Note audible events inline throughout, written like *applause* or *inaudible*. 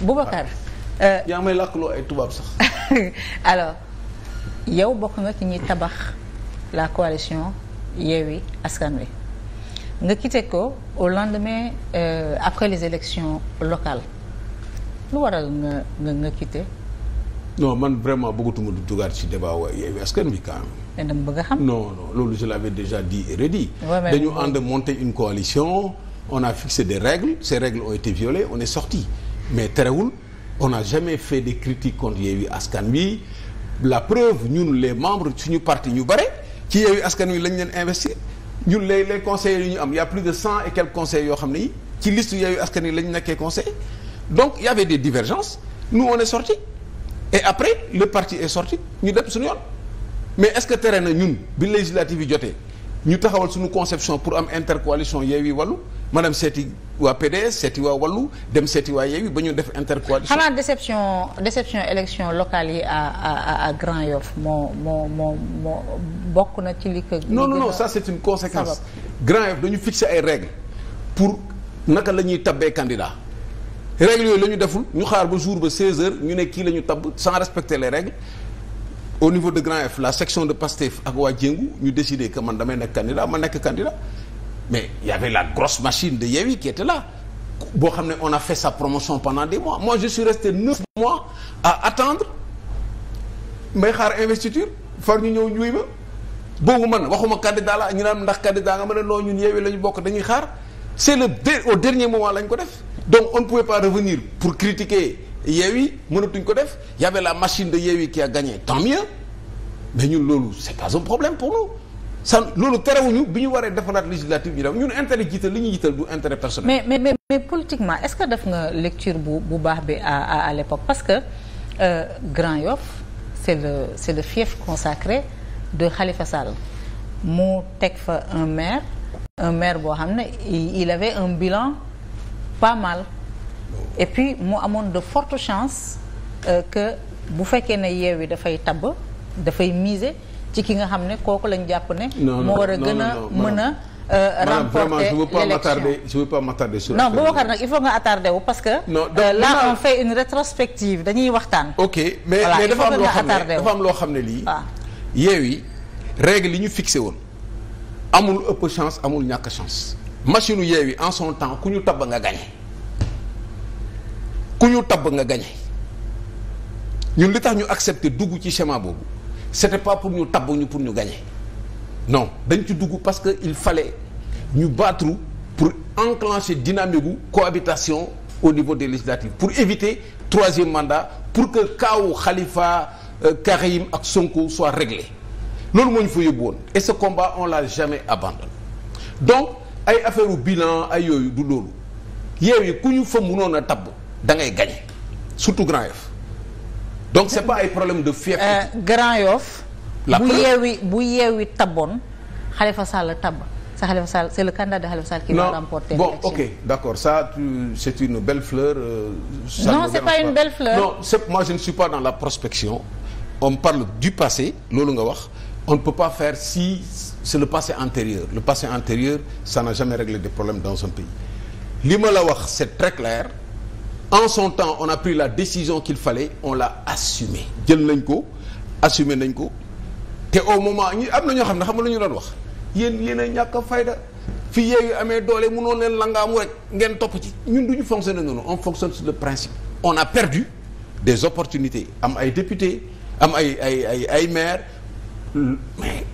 Boubacar. Ah. Euh, yaa may làkkloo ay tubaab sax. *laughs* alors yow bokk nga ci ñuy tabax la coalition Yewwi Askan Wi nga quitté ko au lendemain euh, après les élections locales lu waral nga nga nga quitté. non man vraiment bëggatuma du dugaat ci débat waa Yewwi Askan Wi quand même. dama bëgg a xam. non non loolu je l'avais déjà di et redit. dañu ànd monter une coalition on a fixé des règles ces règles ont été violées on est sorti. mais terewul on n'a jamais fait de critiques contre Yewwi Askan Wi la preuve ñun les membres suñu partie ñu bare ci Yewwi Askan Wi lañ leen investir ñun les les conseillers yu ñu am y' a plus de cent et quelques conseillers yoo xam ne yi ci liste Yewwi Askan Wi lañ nekkee conseil donc il y avait des divergences nous on sorti et après le parti est sorti ñu dem suñu yoon mais est-ce que tere na ñun bi législative yi jotee. ñu taxawal suñu conception pour am intercoalition Yewwi Wallu ma dem seeti waa PDS seeti waa Wallu dem seeti waa Yewwi ba ñu def intercoalition. xanaa déception déception élection locale yi à à Grand Yoff moo moo moo moo bokk na ci li. non non non ça c'est une conséquence. Grand Yoff dañu fixer ay règles pour naka la ñuy tabbee candidat. règles yooyu la ñu deful ñu xaar ba jour ba 16 heures ñu ne kii la ñu tabb sans respecter les règles. au niveau de Grand F la section de Pastef ak waa Jéngu ñu décidé que man damay nekk candidat ma nekk candidat mais y avait la grosse machine de Yewwi qui était là boo xam ne on a fait sa promotion pendant des mois moi je suis resté neuf mois à attendre may xaar investiture far ñu ñëw ñuy ma boobu man waxuma candidat la ñu naan ndax candidat nga ma ne noo ñun Yewwi la ñu bokk dañuy xaar c'est le au dernier moment lañ ko def donc on ne pour Yewwi mënatuñ ko def y la machine de Yewwi ki a gagné tant mieux mais ñun loolu c'est pas un problème pour nous san loolu terewuñu bi ñu waree defaraat législative bi ñun intérêt jiital li ñu jiital du intérêt personnel. mais mais mais, mais politiquement est-ce que def nga lecture bu bu baax bi à l'époque parce que euh, Grand Yoff c'est le c'est le fief consacré de xalifa Sall mu teg fa un maire un maire boo xam ne il avait un bilan pas mal. et puis mu amoon de fortes chances euh, que bu fekkee ne yeew yi dafay tabb dafay miser ci ki nga xam ne kooku lañ jàpp ne. moo war a gën a mën a. Euh, remporter l'élection je veux pas m'attarder sur non Boubacar nag il faut nga attardé parce que. non euh, donc, fait une rétrospective dañuy waxtaan. ok mais voilà, mais dafa am loo xam ne dafa am loo xam ne lii. waaw ah. Yewwi règle li ñu fixé woon amul ëpp chance amul ñàkk chance machine Yewwi en son temps ku ñu tabb nga gagné. ku ñu tabb nga gañe ñun li tax ñu accepter dugg ci schéma boobu c'était pas pour ñu tabb ñu pour ñu gañe non dañ ci dugg parce que il fale ñu battre pour enclencher dynamique gu cohabitation au niveau des législatives pour éviter troisième mandat pour que kaawu Khalifa euh, Karim ak Sonko soit réglé loolu moo ñu fa yóbbu woon et ce combat on l'a jamais abandonné donc ay affaire u bilan ay yooyu du loolu yeew yi ku ñu fa mënoon a da ngay gagné surtout Grand Yoff donc c'est pas ay problème de fief euh, Grand Yoff bu yeewi bu yeewi taboon Khalifa Sall tab sa Khalifa Sall c'est le candidat de Khalifa Sall qui va remporter bon ok d'accord ça c'est une belle fleur euh, ça non c'est pas une belle fleur non c'est moi je ne suis pas dans la prospection on parle du passé loolu nga wax on ne peut pas faire si c'est le passé antérieur le passé antérieur ça n'a jamais réglé des problèmes dans un pays li ma la wax c'est très clair en son temps on a pris la décision qu'il fallait on l'a assumé jël nañ ko assumé nañ ko te au moment ñu am na ñoo xam ne xam nga lañu ñu doon wax yéen yéen a ñàkk a fii fi yeeyu amee doole mënoon leen langaamu rek ngeen topp ci ñun du ñu fonctionner noonu on fonctionne sur le principe on a perdu des opportunités am ay députés am ay ay ay ay maires mais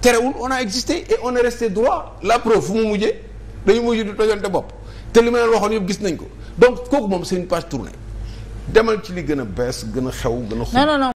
terewul on a existé et on est resté droit la preuve fu mu mujjee dañu mujj di tojante bopp te li ma leen waxoon yëpp gis nañ ko donc kooku moom seen une page tournée demal ci li gën a bees gën a xew gën a.